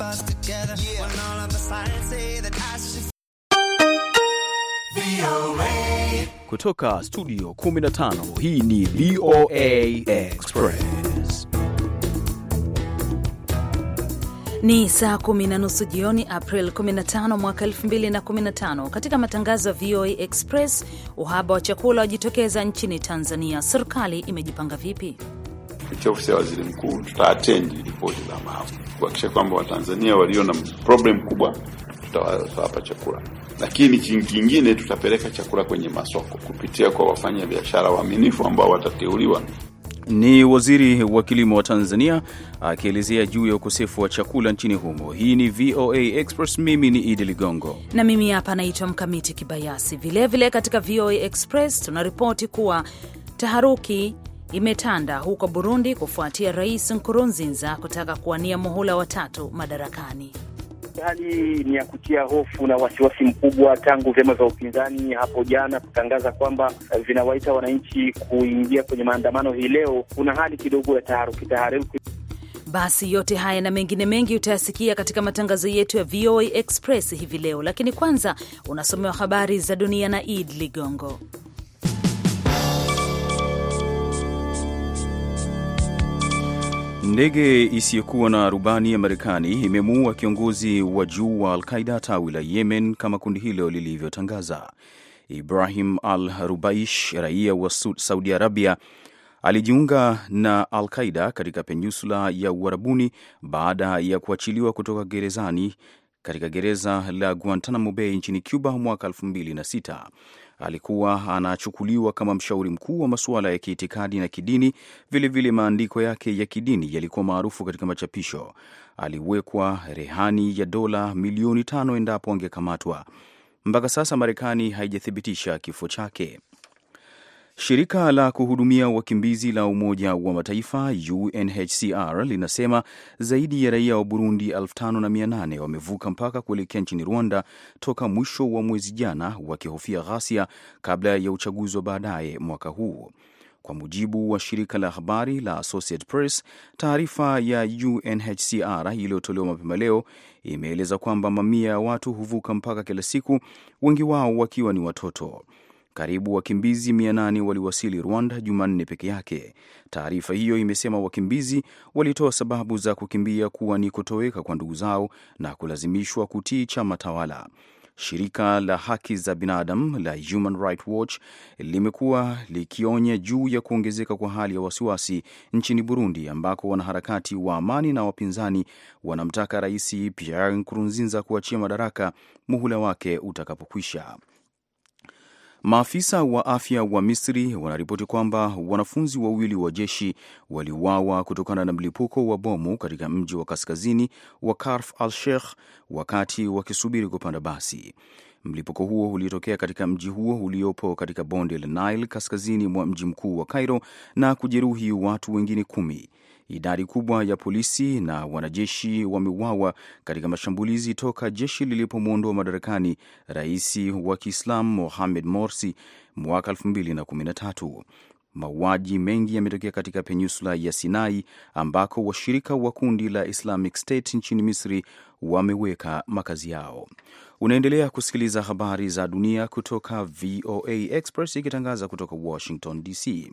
us together. Yeah. When all of the signs say that I should kutoka studio 15 hii ni voa express ni saa kumi na nusu jioni april 15 mwaka 2015 katika matangazo ya voa express uhaba wa chakula wajitokeza nchini tanzania serikali imejipanga vipi kupitia ofisi ya waziri mkuu tutaatendi ripoti za maafa kuhakikisha kwamba Watanzania walio na problem kubwa tutawapa chakula, lakini kingine tutapeleka chakula kwenye masoko kupitia kwa wafanya biashara waaminifu ambao watateuliwa. Ni waziri wa kilimo wa Tanzania akielezea juu ya ukosefu wa chakula nchini humo. Hii ni VOA Express, mimi ni Idi Ligongo na mimi hapa naitwa Mkamiti Kibayasi. Vilevile vile katika VOA Express tunaripoti kuwa taharuki imetanda huko Burundi kufuatia Rais Nkurunziza kutaka kuwania muhula watatu madarakani. Hali ni ya kutia hofu na wasiwasi mkubwa tangu vyama vya upinzani hapo jana kutangaza kwamba vinawaita wananchi kuingia kwenye maandamano hii leo. Kuna hali kidogo ya taharuki taharuki. Basi yote haya na mengine mengi utayasikia katika matangazo yetu ya VOA Express hivi leo, lakini kwanza unasomewa habari za dunia na Id Ligongo. Ndege isiyokuwa na rubani ya Marekani imemuua kiongozi wa juu wa Alqaida tawi la Yemen, kama kundi hilo lilivyotangaza. Ibrahim al Rubaish, raia wa Saudi Arabia, alijiunga na Alqaida katika peninsula ya Uarabuni baada ya kuachiliwa kutoka gerezani katika gereza la Guantanamo Bay nchini Cuba mwaka 2006 alikuwa anachukuliwa kama mshauri mkuu wa masuala ya kiitikadi na kidini. Vilevile vile maandiko yake ya kidini yalikuwa maarufu katika machapisho. Aliwekwa rehani ya dola milioni tano endapo angekamatwa. Mpaka sasa Marekani haijathibitisha kifo chake. Shirika la kuhudumia wakimbizi la Umoja wa Mataifa UNHCR linasema zaidi ya raia wa Burundi 5800 wamevuka mpaka kuelekea nchini Rwanda toka mwisho wa mwezi jana, wakihofia ghasia kabla ya uchaguzi wa baadaye mwaka huu. Kwa mujibu wa shirika la habari la Associated Press, taarifa ya UNHCR iliyotolewa mapema leo imeeleza kwamba mamia ya watu huvuka mpaka kila siku, wengi wao wakiwa ni watoto. Karibu wakimbizi 800 waliwasili Rwanda Jumanne peke yake. Taarifa hiyo imesema wakimbizi walitoa sababu za kukimbia kuwa ni kutoweka kwa ndugu zao na kulazimishwa kutii chama tawala. Shirika la haki za binadamu la Human Rights Watch limekuwa likionya juu ya kuongezeka kwa hali ya wasiwasi nchini Burundi, ambako wanaharakati wa amani na wapinzani wanamtaka Rais Pierre Nkurunziza kuachia madaraka muhula wake utakapokwisha. Maafisa wa afya wa Misri wanaripoti kwamba wanafunzi wawili wa jeshi waliuawa kutokana na mlipuko wa bomu katika mji wa kaskazini wa Karf al Sheikh wakati wakisubiri kupanda basi. Mlipuko huo uliotokea katika mji huo uliopo katika bonde la Nile kaskazini mwa mji mkuu wa Cairo na kujeruhi watu wengine kumi. Idadi kubwa ya polisi na wanajeshi wameuawa katika mashambulizi toka jeshi lilipomwondoa madarakani rais wa Kiislam Mohamed Morsi mwaka 2013. Mauaji mengi yametokea katika peninsula ya Sinai ambako washirika wa kundi la Islamic State nchini Misri wameweka makazi yao. Unaendelea kusikiliza habari za dunia kutoka VOA Express ikitangaza kutoka Washington DC.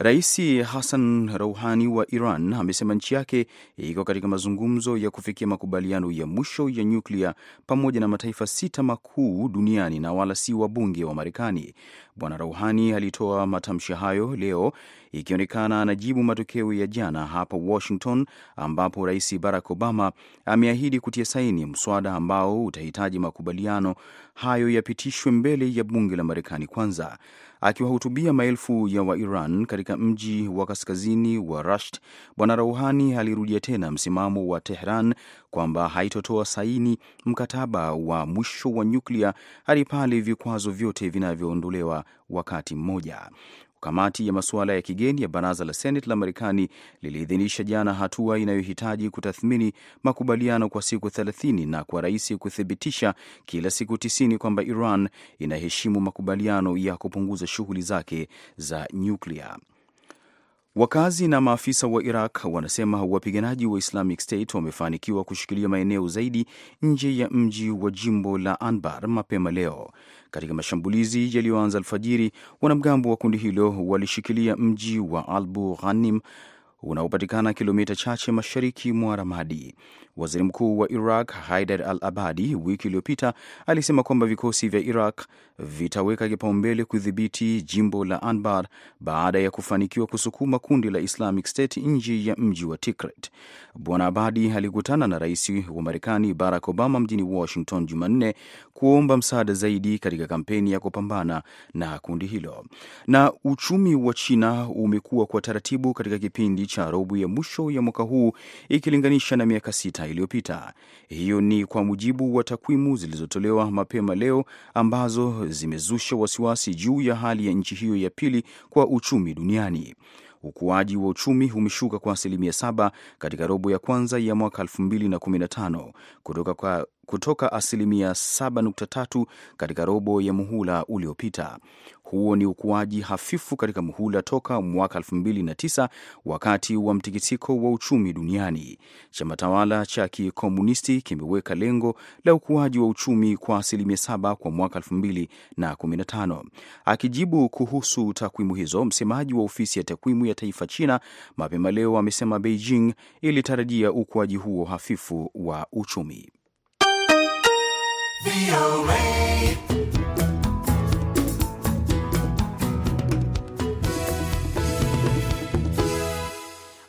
Rais Hassan Rouhani wa Iran amesema nchi yake iko katika mazungumzo ya kufikia makubaliano ya mwisho ya nyuklia pamoja na mataifa sita makuu duniani na wala si wabunge wa Marekani. Bwana Rouhani alitoa matamshi hayo leo ikionekana anajibu matokeo ya jana hapa Washington, ambapo Rais Barack Obama ameahidi kutia saini mswada ambao utahitaji makubaliano hayo yapitishwe mbele ya bunge la Marekani kwanza. Akiwahutubia maelfu ya Wairan katika mji wa kaskazini wa Rasht, Bwana Rouhani alirudia tena msimamo wa Tehran kwamba haitotoa saini mkataba wa mwisho wa nyuklia hadi pale vikwazo vyote vinavyoondolewa wakati mmoja. Kamati ya masuala ya kigeni ya baraza la Seneti la Marekani liliidhinisha jana hatua inayohitaji kutathmini makubaliano kwa siku 30 na kwa rais kuthibitisha kila siku 90 kwamba Iran inaheshimu makubaliano ya kupunguza shughuli zake za nyuklia. Wakazi na maafisa wa Iraq wanasema wapiganaji wa Islamic State wamefanikiwa kushikilia maeneo zaidi nje ya mji wa jimbo la Anbar mapema leo. Katika mashambulizi yaliyoanza alfajiri, wanamgambo wa kundi hilo walishikilia mji wa Albu Ghanim unaopatikana kilomita chache mashariki mwa Ramadi. Waziri mkuu wa Iraq Haidar al Abadi wiki iliyopita alisema kwamba vikosi vya Iraq vitaweka kipaumbele kudhibiti jimbo la Anbar baada ya kufanikiwa kusukuma kundi la Islamic State nje ya mji wa Tikrit. Bwana Abadi alikutana na rais wa Marekani Barack Obama mjini Washington Jumanne kuomba msaada zaidi katika kampeni ya kupambana na kundi hilo. Na uchumi wa China umekuwa kwa taratibu katika kipindi cha robo ya mwisho ya mwaka huu ikilinganisha na miaka sita iliyopita. Hiyo ni kwa mujibu wa takwimu zilizotolewa mapema leo ambazo zimezusha wasiwasi juu ya hali ya nchi hiyo ya pili kwa uchumi duniani. Ukuaji wa uchumi umeshuka kwa asilimia saba katika robo ya kwanza ya mwaka 2015 kutoka kwa kutoka asilimia 7.3 katika robo ya muhula uliopita. Huo ni ukuaji hafifu katika muhula toka mwaka 2009 wakati wa mtikisiko wa uchumi duniani. Chama tawala cha kikomunisti kimeweka lengo la ukuaji wa uchumi kwa asilimia 7 kwa mwaka 2015. Akijibu kuhusu takwimu hizo, msemaji wa ofisi ya takwimu ya taifa China mapema leo amesema Beijing ilitarajia ukuaji huo hafifu wa uchumi. VOA.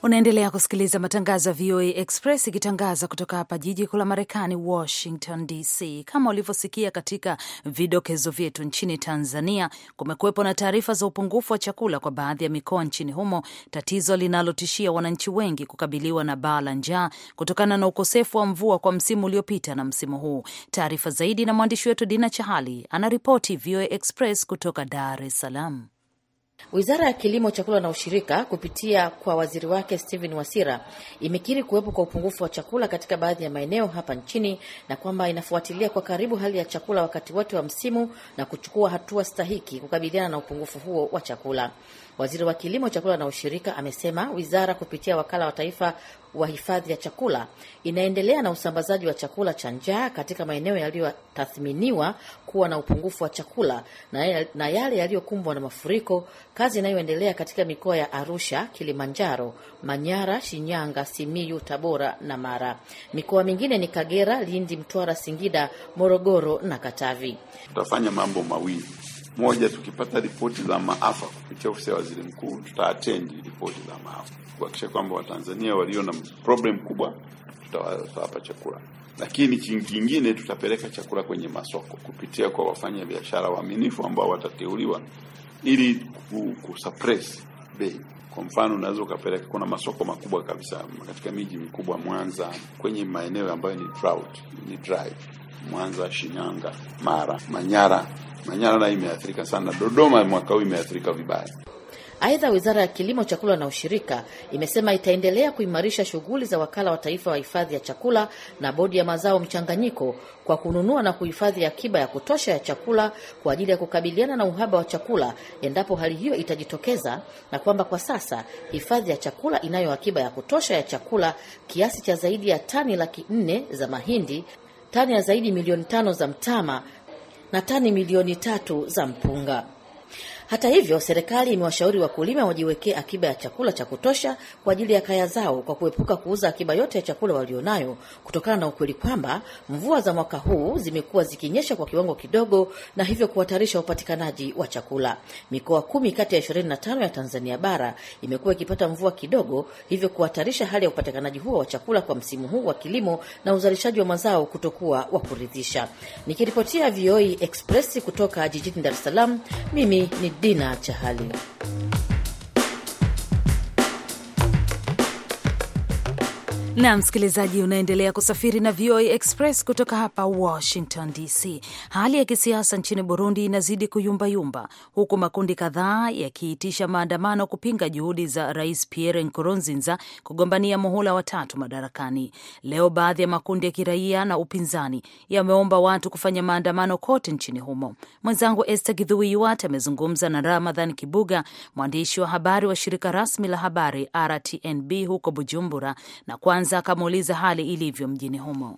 Unaendelea kusikiliza matangazo ya VOA Express ikitangaza kutoka hapa jiji kuu la Marekani, Washington DC. Kama ulivyosikia katika vidokezo vyetu, nchini Tanzania kumekuwepo na taarifa za upungufu wa chakula kwa baadhi ya mikoa nchini humo, tatizo linalotishia wananchi wengi kukabiliwa na baa la njaa kutokana na ukosefu wa mvua kwa msimu uliopita na msimu huu. Taarifa zaidi na mwandishi wetu Dina Chahali anaripoti. VOA Express kutoka Dar es Salaam. Wizara ya Kilimo, Chakula na Ushirika kupitia kwa waziri wake Steven Wasira imekiri kuwepo kwa upungufu wa chakula katika baadhi ya maeneo hapa nchini na kwamba inafuatilia kwa karibu hali ya chakula wakati wote wa msimu na kuchukua hatua stahiki kukabiliana na upungufu huo wa chakula. Waziri wa Kilimo, Chakula na Ushirika amesema wizara kupitia wakala wa taifa wa hifadhi ya chakula inaendelea na usambazaji wa chakula cha njaa katika maeneo yaliyotathminiwa kuwa na upungufu wa chakula na yale yaliyokumbwa na mafuriko, kazi inayoendelea katika mikoa ya Arusha, Kilimanjaro, Manyara, Shinyanga, Simiyu, Tabora na Mara. Mikoa mingine ni Kagera, Lindi, Mtwara, Singida, Morogoro na Katavi. Tutafanya mambo mawili moja, tukipata ripoti za maafa kupitia ofisi ya waziri mkuu, tutaatendi ripoti za maafa kuhakikisha kwamba Watanzania walio na problem kubwa tutawapa chakula, lakini kingine tutapeleka chakula kwenye masoko kupitia kwa wafanya biashara waaminifu ambao watateuliwa ili kusuppress bei. Kwa mfano, unaweza ukapeleka, kuna masoko makubwa kabisa katika miji mikubwa Mwanza, kwenye maeneo ambayo ni drought, ni dry, Mwanza, Shinyanga, Mara, Manyara Manyara nayo imeathirika sana, Dodoma mwaka huu imeathirika vibaya. Aidha, Wizara ya Kilimo, Chakula na Ushirika imesema itaendelea kuimarisha shughuli za Wakala wa Taifa wa Hifadhi ya Chakula na Bodi ya Mazao Mchanganyiko kwa kununua na kuhifadhi akiba ya kutosha ya chakula kwa ajili ya kukabiliana na uhaba wa chakula endapo hali hiyo itajitokeza, na kwamba kwa sasa hifadhi ya chakula inayo akiba ya kutosha ya chakula kiasi cha zaidi ya tani laki nne za mahindi, tani ya zaidi milioni tano za mtama na tani milioni tatu za mpunga. Hata hivyo, serikali imewashauri wakulima wajiwekee akiba ya chakula cha kutosha kwa ajili ya kaya zao kwa kuepuka kuuza akiba yote ya chakula walionayo kutokana na ukweli kwamba mvua za mwaka huu zimekuwa zikinyesha kwa kiwango kidogo na hivyo kuhatarisha upatikanaji wa chakula. Mikoa kumi kati ya tano ya Tanzania bara imekuwa ikipata mvua kidogo, hivyo kuhatarisha hali ya upatikanaji huo wa chakula kwa msimu huu wa kilimo na uzalishaji wa mazao kutokuwa wa kuridhisha. Nikiripotia VOA e Express kutoka jijini Dar es Salaam, mimi ni Dina Chahali. na msikilizaji, unaendelea kusafiri na VOA Express kutoka hapa Washington DC. Hali ya kisiasa nchini Burundi inazidi kuyumbayumba, huku makundi kadhaa yakiitisha maandamano kupinga juhudi za Rais Pierre Nkurunziza kugombania muhula watatu madarakani. Leo baadhi ya makundi ya kiraia na upinzani yameomba watu kufanya maandamano kote nchini humo. Mwenzangu Esther Gidhui amezungumza na Ramadhan Kibuga, mwandishi wa habari wa shirika rasmi la habari RTNB huko Bujumbura, na kwanza kwanza akamuuliza hali ilivyo mjini humo.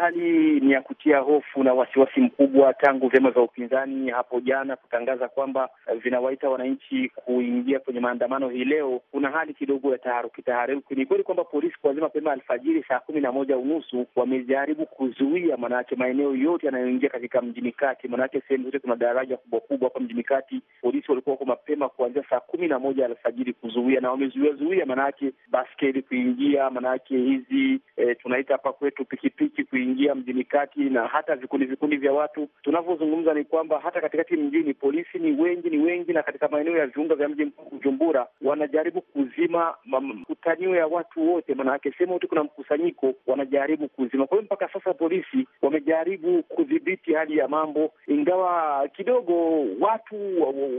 Hali ni ya kutia hofu na wasiwasi mkubwa tangu vyama vya upinzani hapo jana kutangaza kwamba vinawaita wananchi kuingia kwenye maandamano hii leo. Kuna hali kidogo ya taharuki taharuki. Ni kweli kwamba polisi kuanzia mapema alfajiri saa kumi na moja unusu wamejaribu kuzuia, maanake maeneo yote yanayoingia katika mjini kati, maanake sehemu zote kuna daraja kubwa kubwa hapa mjini kati. Polisi walikuwa wako mapema kuanzia saa kumi na moja alfajiri kuzuia, na wamezuiazuia maanake baskeli kuingia, maanake hizi eh, tunaita hapa kwetu pikipiki kuingia kuingia mjini kati na hata vikundi vikundi vya watu. Tunavyozungumza ni kwamba hata katikati mjini polisi ni wengi, ni wengi, na katika maeneo ya viunga vya mji mkuu Bujumbura wanajaribu kuzima mkutanio ya watu wote, maanake sehemu yote kuna mkusanyiko, wanajaribu kuzima. Kwa hiyo mpaka sasa polisi wamejaribu kudhibiti hali ya mambo, ingawa kidogo watu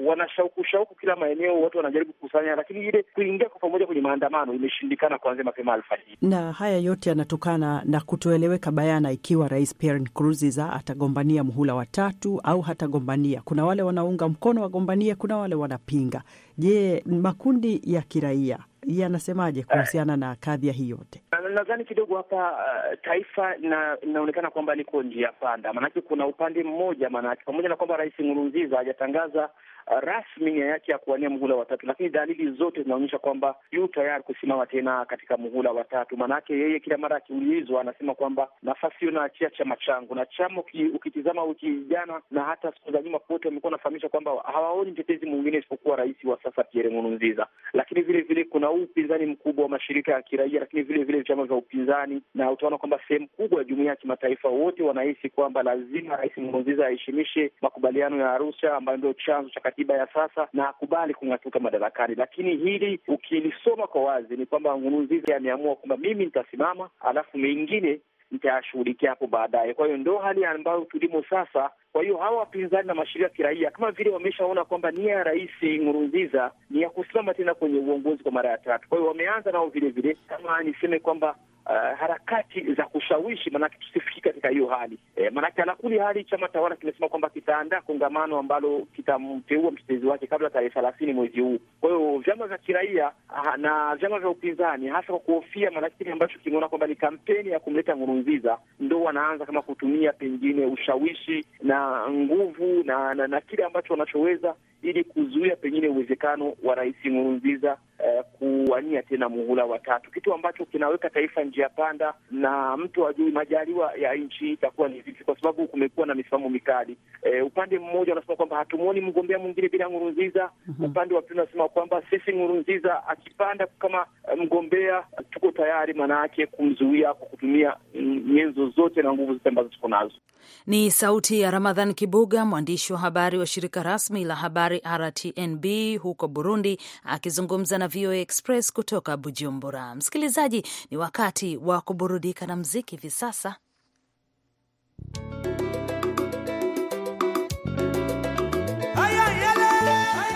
wanashauku shauku kila maeneo, watu wanajaribu kukusanya, lakini ile kuingia kwa pamoja kwenye maandamano imeshindikana kuanzia mapema alfajiri, na haya yote yanatokana na kutoeleweka baya kuendelea na ikiwa rais Pierre Nkurunziza atagombania mhula watatu au hatagombania. Kuna wale wanaunga mkono wagombanie, kuna wale wanapinga. Je, makundi ya kiraia yanasemaje kuhusiana na kadhia hii yote? Ah, nadhani kidogo hapa uh, taifa inaonekana kwamba liko njia panda, maanake kuna upande mmoja, maanake pamoja na kwamba rais Nkurunziza hajatangaza rasmi nia yake ya kuwania muhula watatu, lakini dalili zote zinaonyesha kwamba yu tayari kusimama tena katika muhula watatu. Maanake yeye kila mara akiulizwa anasema kwamba nafasi hiyo naachia chama changu, na chama ukitizama wiki jana na hata siku za nyuma pote wamekuwa wanafahamisha kwamba hawaoni mtetezi mwingine isipokuwa rais wa sasa Pierre Nkurunziza. Lakini vile vile kuna huu upinzani mkubwa wa mashirika ya kiraia, lakini vile vile vyama vya upinzani, na utaona kwamba sehemu kubwa ya jumuia ya kimataifa wote wanahisi kwamba lazima rais Nkurunziza aheshimishe makubaliano ya Arusha ambayo ndio chanzo cha katiba ya sasa na akubali kung'atuka madarakani. Lakini hili ukilisoma kwa wazi ni kwamba Nkurunziza ameamua kwamba mimi nitasimama, alafu mengine nitayashughulikia hapo baadaye. Kwa hiyo ndo hali ambayo tulimo sasa. Kwa hiyo hawa wapinzani na mashirika ya kiraia kama vile wameshaona kwamba nia ya Rais Nkurunziza ni ya kusimama tena kwenye uongozi kwa mara ya tatu. Kwa hiyo wameanza nao vile vile, kama niseme kwamba uh, harakati za kushawishi, maanake tusifiki katika hiyo hali e, eh, maanake alakuli hali chama tawala kimesema kwamba kitaandaa kongamano ambalo kitamteua mtetezi wake kabla tarehe thelathini mwezi huu. Kwa hiyo vyama vya kiraia ah, na vyama vya upinzani hasa kwa kuhofia, maanake kile ambacho kimeona kwamba ni kampeni ya kumleta Nkurunziza, ndo wanaanza kama kutumia pengine ushawishi na nguvu na, na, na kile ambacho wanachoweza ili kuzuia pengine uwezekano wa Rais Nkurunziza eh, kuwania tena muhula wa tatu, kitu ambacho kinaweka taifa njia panda na mtu ajui majaliwa ya nchi itakuwa ni vipi, kwa sababu kumekuwa na misimamo mikali. Eh, upande mmoja unasema kwamba hatumwoni mgombea mwingine bila Nkurunziza. mm -hmm. Upande wa pili unasema kwamba sisi Nkurunziza akipanda kama eh, mgombea tuko tayari, maanayake kumzuia kwa kutumia mm, nyenzo zote na nguvu zote ambazo tuko nazo. Ni sauti ya Ramadhan Kibuga, mwandishi wa habari wa shirika rasmi la habari habari RTNB huko Burundi akizungumza na VOA Express kutoka Bujumbura. Msikilizaji, ni wakati wa kuburudika na mziki hivi sasa.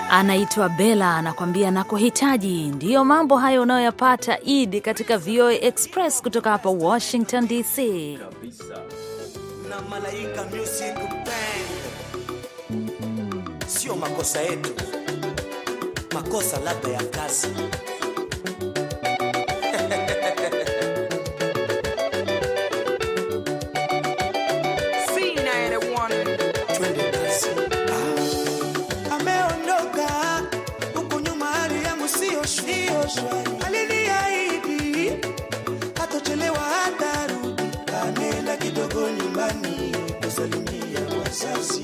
Anaitwa Bela anakuambia nakuhitaji. Ndiyo mambo hayo unayoyapata Idi katika VOA Express kutoka hapa Washington DC. Kabisa. Na Malaika Music sio makosa yetu, makosa labda ya kazi. Ah. kidogo nyumbani kusalimia wazazi.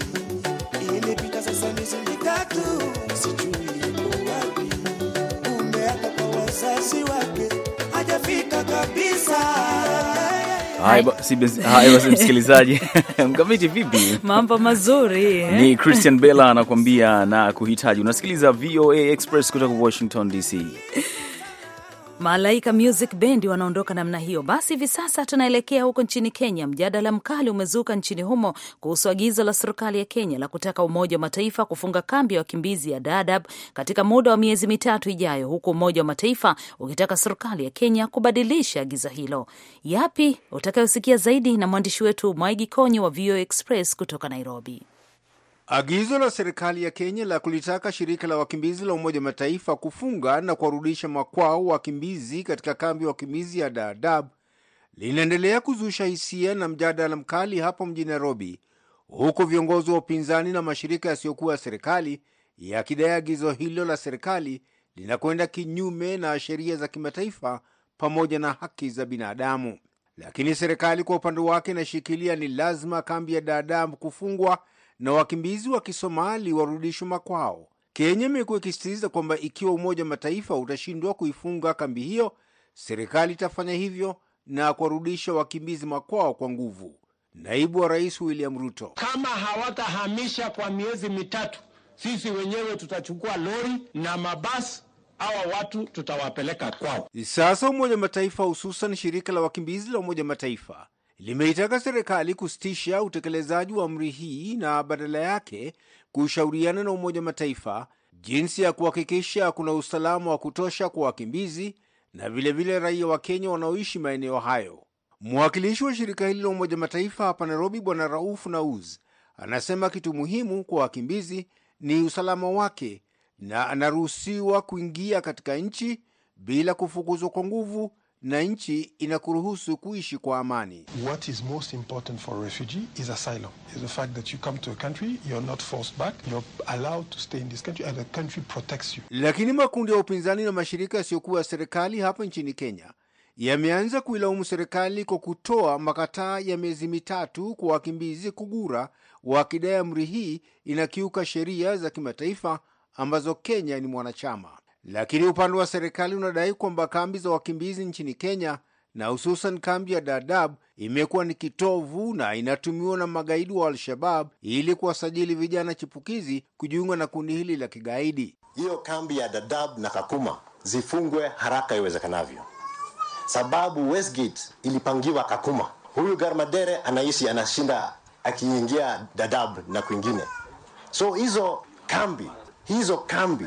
Haya basi, msikilizaji mkamiti, vipi? Mambo mazuri eh? Ni Christian Bella anakuambia na kuhitaji. Unasikiliza VOA Express kutoka Washington DC. Malaika Music Bendi wanaondoka namna hiyo. Basi hivi sasa tunaelekea huko nchini Kenya. Mjadala mkali umezuka nchini humo kuhusu agizo la serikali ya Kenya la kutaka Umoja wa Mataifa kufunga kambi ya wakimbizi ya Dadaab katika muda wa miezi mitatu ijayo, huku Umoja wa Mataifa ukitaka serikali ya Kenya kubadilisha agizo hilo. Yapi utakayosikia zaidi na mwandishi wetu Mwaigi Konyi wa VOA Express kutoka Nairobi. Agizo la serikali ya Kenya la kulitaka shirika la wakimbizi la Umoja Mataifa kufunga na kuwarudisha makwao wakimbizi katika kambi ya wakimbizi ya Dadaab linaendelea kuzusha hisia na mjadala mkali hapo mjini Nairobi, huku viongozi wa upinzani na mashirika yasiyokuwa ya serikali yakidai agizo hilo la serikali linakwenda kinyume na sheria za kimataifa pamoja na haki za binadamu. Lakini serikali kwa upande wake inashikilia ni lazima kambi ya Dadaab kufungwa na wakimbizi wa Kisomali warudishwe makwao. Kenya imekuwa ikisisitiza kwamba ikiwa Umoja wa Mataifa utashindwa kuifunga kambi hiyo, serikali itafanya hivyo na kuwarudisha wakimbizi makwao kwa nguvu. Naibu wa Rais William Ruto: kama hawatahamisha kwa miezi mitatu, sisi wenyewe tutachukua lori na mabasi hawa watu tutawapeleka kwao. Sasa Umoja wa Mataifa, hususan shirika la wakimbizi la Umoja wa Mataifa limeitaka serikali kusitisha utekelezaji wa amri hii na badala yake kushauriana na Umoja wa Mataifa jinsi ya kuhakikisha kuna usalama wa kutosha kwa wakimbizi na vilevile raia wa Kenya wanaoishi maeneo hayo. Mwakilishi wa shirika hili la Umoja Mataifa hapa Nairobi, Bwana Rauf Nauz anasema kitu muhimu kwa wakimbizi ni usalama wake na anaruhusiwa kuingia katika nchi bila kufukuzwa kwa nguvu na nchi inakuruhusu kuishi kwa amani. What is most important for a refugee is asylum. Is the fact that you come to a country, you're not forced back, you're allowed to stay in this country and the country protects you. Lakini makundi ya upinzani na mashirika yasiyokuwa ya serikali hapa nchini Kenya yameanza kuilaumu serikali kwa kutoa makataa ya miezi mitatu kwa wakimbizi kugura, wakidai amri hii inakiuka sheria za kimataifa ambazo Kenya ni mwanachama. Lakini upande wa serikali unadai kwamba kambi za wakimbizi nchini Kenya na hususan kambi ya Dadaab imekuwa ni kitovu na inatumiwa na magaidi wa Al-Shabab ili kuwasajili vijana chipukizi kujiunga na kundi hili la kigaidi. Hiyo kambi ya Dadaab na Kakuma zifungwe haraka iwezekanavyo, sababu Westgate ilipangiwa Kakuma. Huyu Garmadere anaishi anashinda akiingia Dadaab na kwingine, so hizo kambi hizo kambi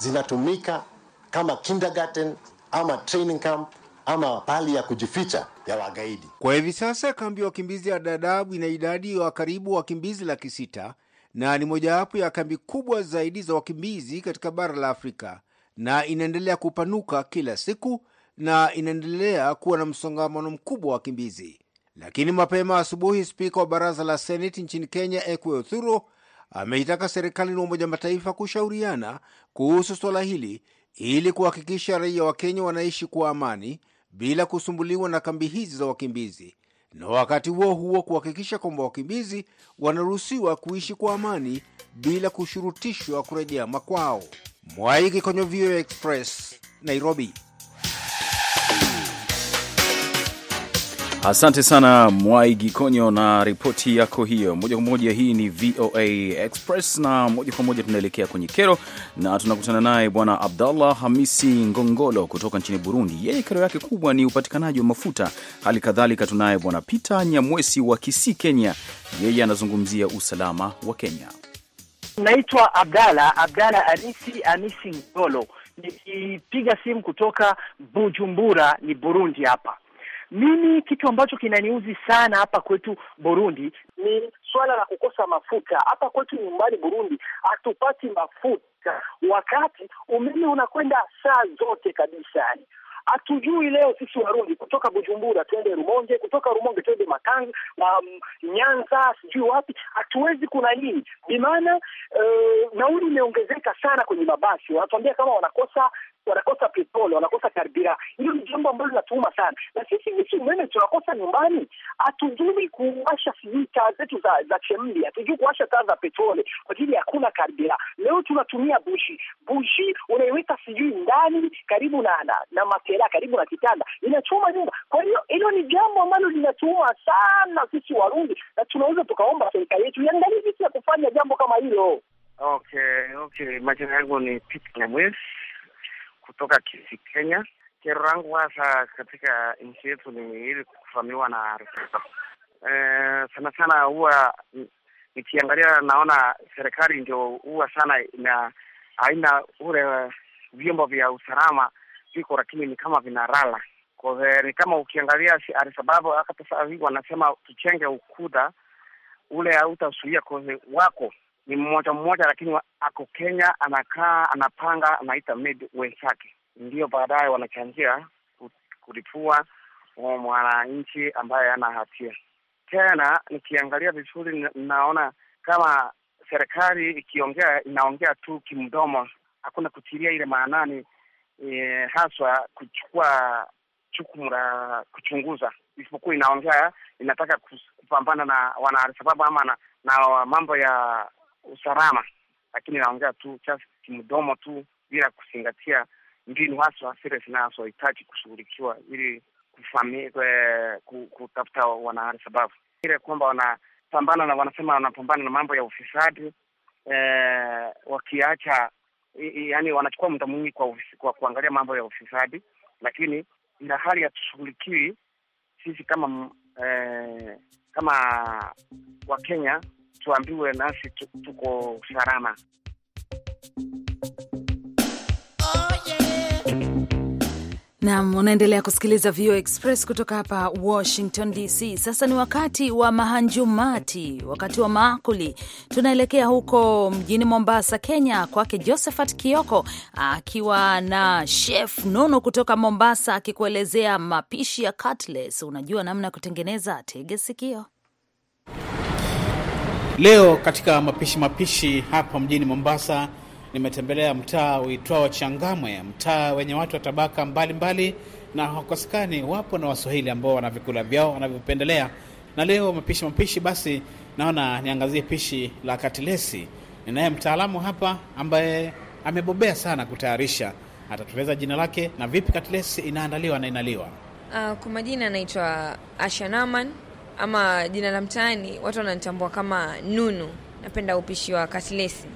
zinatumika kama kindergarten ama training camp ama pali ya kujificha ya wagaidi. Kwa hivi sasa kambi ya wakimbizi ya dadabu ina idadi ya karibu wakimbizi laki sita na ni mojawapo ya kambi kubwa zaidi za wakimbizi katika bara la Afrika na inaendelea kupanuka kila siku na inaendelea kuwa na msongamano mkubwa wa wakimbizi. Lakini mapema asubuhi, spika wa baraza la seneti nchini Kenya Ekwe Othuro ameitaka serikali na Umoja Mataifa kushauriana kuhusu swala hili ili kuhakikisha raia wa Kenya wanaishi kwa amani bila kusumbuliwa na kambi hizi za wakimbizi na wakati huo huo kuhakikisha kwamba wakimbizi wanaruhusiwa kuishi kwa amani bila kushurutishwa kurejea makwao. Mwaiki kwenye VOA Express, Nairobi. Asante sana Mwai Gikonyo na ripoti yako hiyo moja kwa moja. Hii ni VOA Express na moja kwa moja tunaelekea kwenye kero, na tunakutana naye Bwana Abdallah Hamisi Ngongolo kutoka nchini Burundi. Yeye kero yake kubwa ni upatikanaji wa mafuta. Hali kadhalika tunaye Bwana Peter Nyamwesi wa Kisii, Kenya. Yeye anazungumzia usalama wa Kenya. Naitwa Abdala Abdala Anisi Anisi Ngongolo, nikipiga simu kutoka Bujumbura ni Burundi hapa mimi kitu ambacho kinaniuzi sana hapa kwetu Burundi ni suala la kukosa mafuta. Hapa kwetu nyumbani Burundi hatupati mafuta, wakati umeme unakwenda saa zote kabisa. Hatujui leo sisi Warundi, kutoka Bujumbura twende Rumonge, kutoka Rumonge twende na um, Nyanza, sijui wapi, hatuwezi kuna nini bimaana. Uh, eh, nauli imeongezeka sana kwenye mabasi, wanatuambia kama wanakosa wanakosa petroli, wanakosa karbira. Hilo ni jambo ambalo linatuuma sana, na sisi sisi umeme tunakosa nyumbani, hatujui kuwasha sijui taa zetu za, za chemli, hatujui kuwasha taa za petroli kwa ajili kuna karbira. Leo tunatumia bushi bushi, unaiweka sijui ndani karibu na na, na ukielea karibu na kitanda inachoma nyumba. Kwa hiyo hilo ni jambo ambalo linatuua sana sisi Warundi, na tunaweza tukaomba serikali yetu iangalie jinsi ya kufanya jambo kama hilo. Okay, okay, majina yangu ni Pita Nyamwezi kutoka Kisi, Kenya. Kero langu hasa katika nchi yetu ni ili kufamiwa na risasi. E, eh, sana sana huwa nikiangalia naona serikali ndio huwa sana ina haina ule vyombo vya usalama ziko lakini ni kama vinarala kwa, ni kama ukiangalia si alisababu hata saa hii wanasema tuchenge ukuda ule hautasuia wako ni mmoja mmoja, lakini ako Kenya, anakaa anapanga, anaita mid wenzake, ndio baadaye wanachangia kulipua um, mwananchi ambaye ana hatia. Tena nikiangalia vizuri, naona kama serikali ikiongea inaongea tu kimdomo, hakuna kutilia ile maanani e, haswa kuchukua jukumu la kuchunguza, isipokuwa inaongea inataka kupambana na wanaharakati ama na, na mambo ya usalama, lakini inaongea tu just kimdomo tu bila kuzingatia mbinu haswa zile zinazohitaji kushughulikiwa ili kutafuta wanahabari ile kwamba wanapambana na wanasema wanapambana na mambo ya ufisadi eh, wakiacha yani wanachukua muda mwingi kwa, kwa kuangalia mambo ya ufisadi, lakini ila hali hatushughulikiwi sisi kama eh, kama Wakenya tuambiwe nasi tuko salama. Nam, unaendelea kusikiliza VOA Express kutoka hapa Washington DC. Sasa ni wakati wa mahanjumati, wakati wa maakuli. Tunaelekea huko mjini Mombasa, Kenya, kwake Josephat Kioko akiwa na chef Nono kutoka Mombasa, akikuelezea mapishi ya cutlass. Unajua namna ya kutengeneza, tege sikio. Leo katika mapishi mapishi hapa mjini Mombasa nimetembelea mtaa uitwao Changamwe, mtaa wenye watu wa tabaka mbalimbali, na hakosekani wapo na Waswahili ambao wana vyakula vyao wanavyopendelea. Na leo mapishi mapishi, basi naona niangazie pishi la katilesi. Ninaye mtaalamu hapa ambaye amebobea sana kutayarisha, atatueleza jina lake na vipi katilesi inaandaliwa na inaliwa. Uh, kwa majina anaitwa Asha Naman ama jina la mtaani watu wananitambua kama Nunu. Napenda upishi wa katilesi.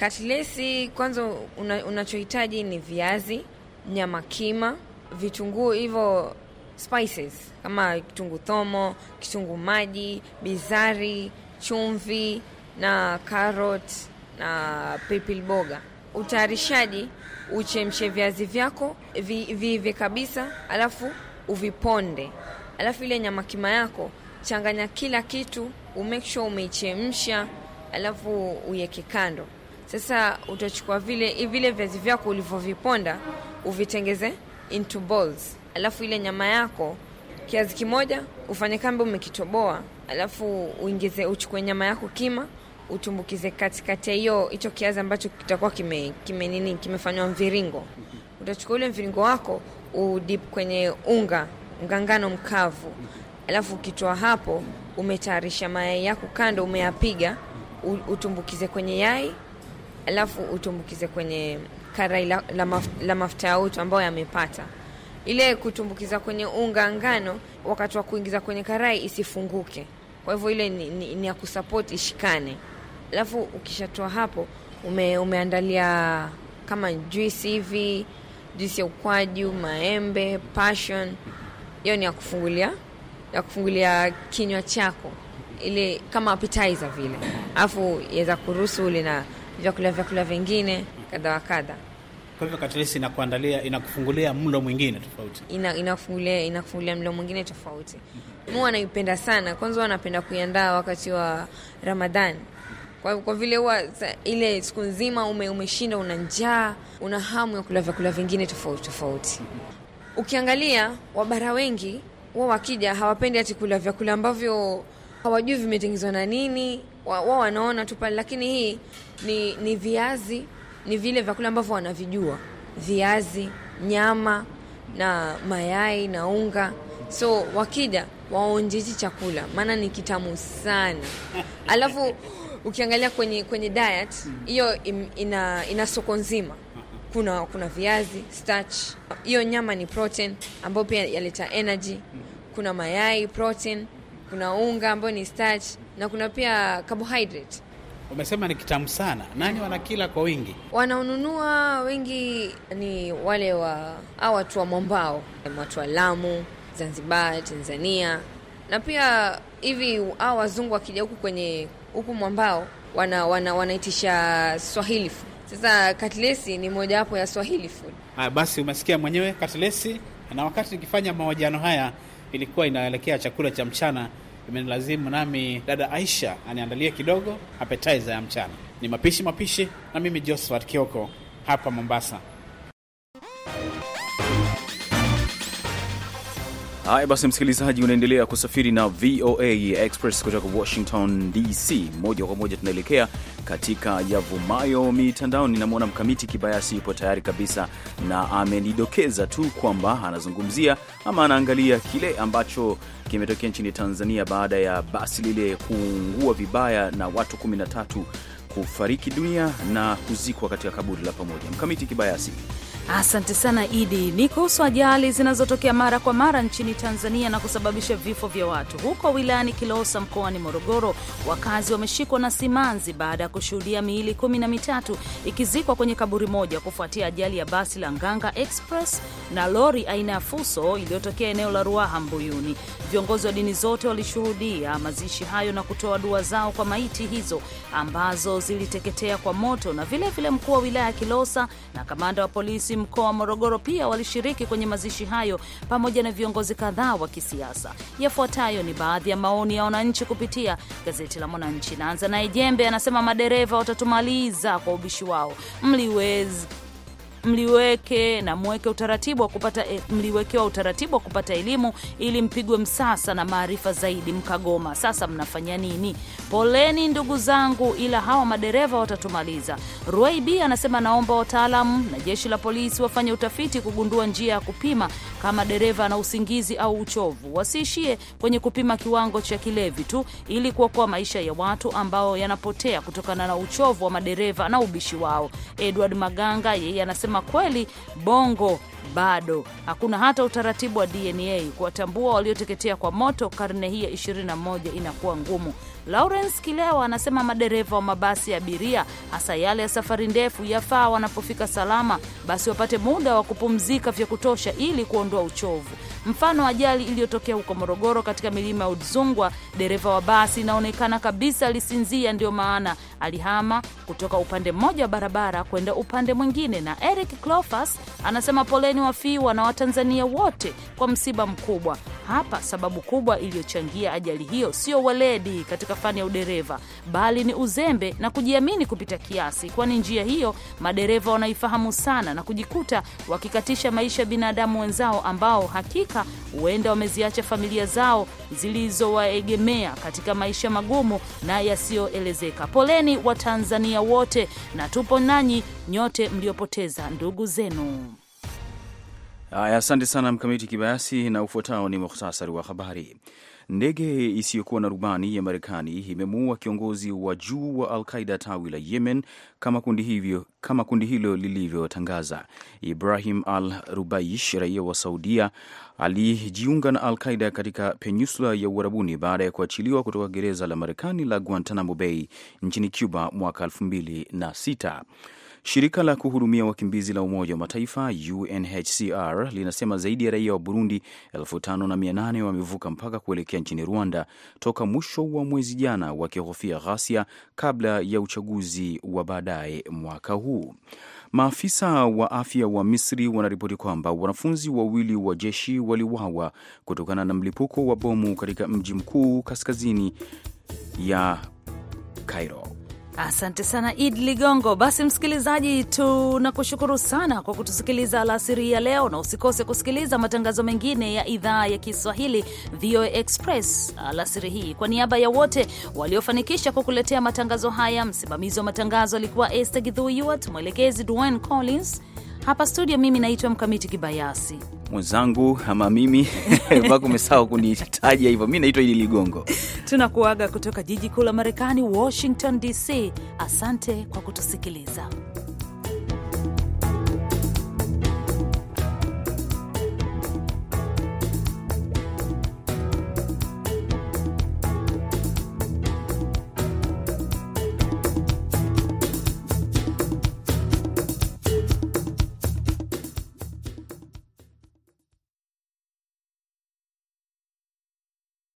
Katlesi kwanza unachohitaji una ni viazi, nyama kima, vitunguu hivyo spices kama kitungu thomo, kitungu maji, bizari, chumvi na carrot na pilipili boga. Utayarishaji, uchemshe viazi vyako viive vi kabisa, alafu uviponde, alafu ile nyama kima yako changanya kila kitu, umake sure umeichemsha, alafu uyeke kando. Sasa utachukua vile vile viazi vyako ulivyoviponda uvitengeze into balls, alafu ile nyama yako kiazi kimoja ufanye kama umekitoboa, alafu uingize, uchukue nyama yako kima utumbukize katikati ya hiyo hicho kiazi ambacho kitakuwa kime, kime nini kimefanywa mviringo. Utachukua ule mviringo wako udip kwenye unga mgangano mkavu, alafu ukitoa hapo, umetayarisha mayai yako kando, umeyapiga utumbukize kwenye yai alafu utumbukize kwenye karai la, la, maf, la mafuta ya uto ambayo yamepata ile kutumbukiza kwenye unga ngano, wakati wa kuingiza kwenye karai isifunguke. Kwa hivyo ile ni, ni, ni ya kusapoti ishikane. Alafu ukishatoa hapo ume, umeandalia kama juisi hivi, juisi ya ukwaju, maembe, passion. Hiyo ni ya kufungulia, ya kufungulia kinywa chako, ile kama apitaiza vile, alafu iweza kuruhusu ule na vyakula vyakula vingine kadha wa kadha. Kwa hivyo katilisi inakuandalia inakufungulia mlo mwingine tofauti, ina, inakufungulia inakufungulia mlo mwingine tofauti. Mu wanaipenda sana, kwanza wanapenda kuiandaa wakati wa Ramadhani kwa, kwa vile huwa ile siku nzima ume, umeshinda una njaa, una hamu ya kula vyakula vingine tofauti tofauti. Ukiangalia wabara wengi wao wakija hawapendi hati kula vyakula ambavyo hawajui vimetengenezwa na nini, wao wanaona tu pale, lakini hii ni, ni viazi, ni vile vyakula ambavyo wanavijua, viazi, nyama na mayai na unga, so wakija waonje hichi chakula, maana ni kitamu sana. Alafu ukiangalia kwenye, kwenye diet hiyo ina, ina soko nzima kuna, kuna viazi starch, hiyo nyama ni protein ambayo pia yaleta energy. Kuna mayai protein, kuna unga ambayo ni starch na kuna pia carbohydrate. Umesema ni kitamu sana. Nani wanakila kwa wingi? Wanaonunua wengi ni wale wa au watu wa mwambao, watu wa Lamu, Zanzibar, Tanzania, na pia hivi au wazungu wakija huku kwenye huku mwambao wana, wana, wanaitisha Swahili food. Sasa katlesi ni mojawapo ya Swahili food. Haya basi, umesikia mwenyewe katlesi. Na wakati nikifanya mahojiano haya ilikuwa inaelekea chakula cha mchana imenilazimu nami dada Aisha aniandalie kidogo appetizer ya mchana. Ni mapishi mapishi, na mimi Josephat Kioko hapa Mombasa. Haya basi, msikilizaji, unaendelea kusafiri na VOA Express kutoka Washington DC. Moja kwa moja tunaelekea katika yavumayo mitandaoni. Namwona Mkamiti Kibayasi yupo tayari kabisa, na amenidokeza tu kwamba anazungumzia ama anaangalia kile ambacho kimetokea nchini Tanzania baada ya basi lile kuungua vibaya na watu 13 kufariki dunia na kuzikwa katika kaburi la pamoja. Mkamiti Kibayasi. Asante sana Idi. Ni kuhusu ajali zinazotokea mara kwa mara nchini Tanzania na kusababisha vifo vya watu. Huko wilayani Kilosa mkoani Morogoro, wakazi wameshikwa na simanzi baada ya kushuhudia miili kumi na mitatu ikizikwa kwenye kaburi moja kufuatia ajali ya basi la Nganga Express na lori aina ya Fuso iliyotokea eneo la Ruaha Mbuyuni. Viongozi wa dini zote walishuhudia mazishi hayo na kutoa dua zao kwa maiti hizo ambazo ziliteketea kwa moto, na vilevile mkuu wa wilaya ya Kilosa na kamanda wa polisi mkoa wa Morogoro pia walishiriki kwenye mazishi hayo pamoja na viongozi kadhaa wa kisiasa. Yafuatayo ni baadhi ya maoni ya wananchi kupitia gazeti la Mwananchi. Naanza naye Jembe, anasema madereva watatumaliza kwa ubishi wao, mliwezi mliweke na mweke utaratibu wa kupata eh, mliwekewa utaratibu wa kupata elimu ili mpigwe msasa na maarifa zaidi, mkagoma. Sasa mnafanya nini? Poleni ndugu zangu, ila hawa madereva watatumaliza. b anasema naomba wataalamu na jeshi la polisi wafanye utafiti kugundua njia ya kupima kama dereva ana usingizi au uchovu, wasiishie kwenye kupima kiwango cha kilevi tu, ili kuokoa maisha ya watu ambao yanapotea kutokana na uchovu wa madereva na ubishi wao. Edward Maganga yeye anasema anasema kweli Bongo bado hakuna hata utaratibu wa DNA kuwatambua walioteketea kwa moto. Karne hii ya 21 inakuwa ngumu. Lawrence Kilewa anasema madereva wa mabasi ya abiria hasa yale ya safari ndefu yafaa wanapofika salama, basi wapate muda wa kupumzika vya kutosha ili kuondoa uchovu. Mfano ajali iliyotokea huko Morogoro katika milima ya Udzungwa, dereva wa basi inaonekana kabisa alisinzia, ndio maana alihama kutoka upande mmoja wa barabara kwenda upande mwingine. Na Eric Clofas anasema poleni wafiwa na Watanzania wote kwa msiba mkubwa hapa sababu kubwa iliyochangia ajali hiyo sio weledi katika fani ya udereva, bali ni uzembe na kujiamini kupita kiasi, kwani njia hiyo madereva wanaifahamu sana na kujikuta wakikatisha maisha ya binadamu wenzao ambao hakika huenda wameziacha familia zao zilizowaegemea katika maisha magumu na yasiyoelezeka. Poleni Watanzania wote na tupo nanyi nyote mliopoteza ndugu zenu haya asante sana Mkamiti Kibayasi, na ufuatao ni muhtasari wa habari. Ndege isiyokuwa na rubani ya Marekani imemuua kiongozi wa juu wa Alqaida tawi la Yemen kama kundi hivyo, kama kundi hilo lilivyotangaza. Ibrahim al Rubaish, raia wa Saudia, alijiunga na al qaida katika peninsula ya Uarabuni baada ya kuachiliwa kutoka gereza la Marekani la Guantanamo Bay nchini Cuba mwaka 2006. Shirika la kuhudumia wakimbizi la Umoja wa Mataifa UNHCR linasema zaidi ya raia wa Burundi 5800 wamevuka mpaka kuelekea nchini Rwanda toka mwisho wa mwezi jana, wakihofia ghasia kabla ya uchaguzi wa baadaye mwaka huu. Maafisa wa afya wa Misri wanaripoti kwamba wanafunzi wawili wa jeshi waliwawa kutokana na mlipuko wa bomu katika mji mkuu kaskazini ya Cairo. Asante sana Id Ligongo. Basi msikilizaji, tunakushukuru sana kwa kutusikiliza alasiri ya leo, na usikose kusikiliza matangazo mengine ya idhaa ya Kiswahili VOA Express alasiri hii. Kwa niaba ya wote waliofanikisha kukuletea matangazo haya, msimamizi wa matangazo alikuwa Esther Githui mwelekezi Dwayne Collins. Hapa studio mimi naitwa Mkamiti Kibayasi, mwenzangu ama mimi mpaka umesahau kunitaja hivyo. Mi naitwa Idi Ligongo. Tunakuaga kutoka jiji kuu la Marekani, Washington DC. Asante kwa kutusikiliza.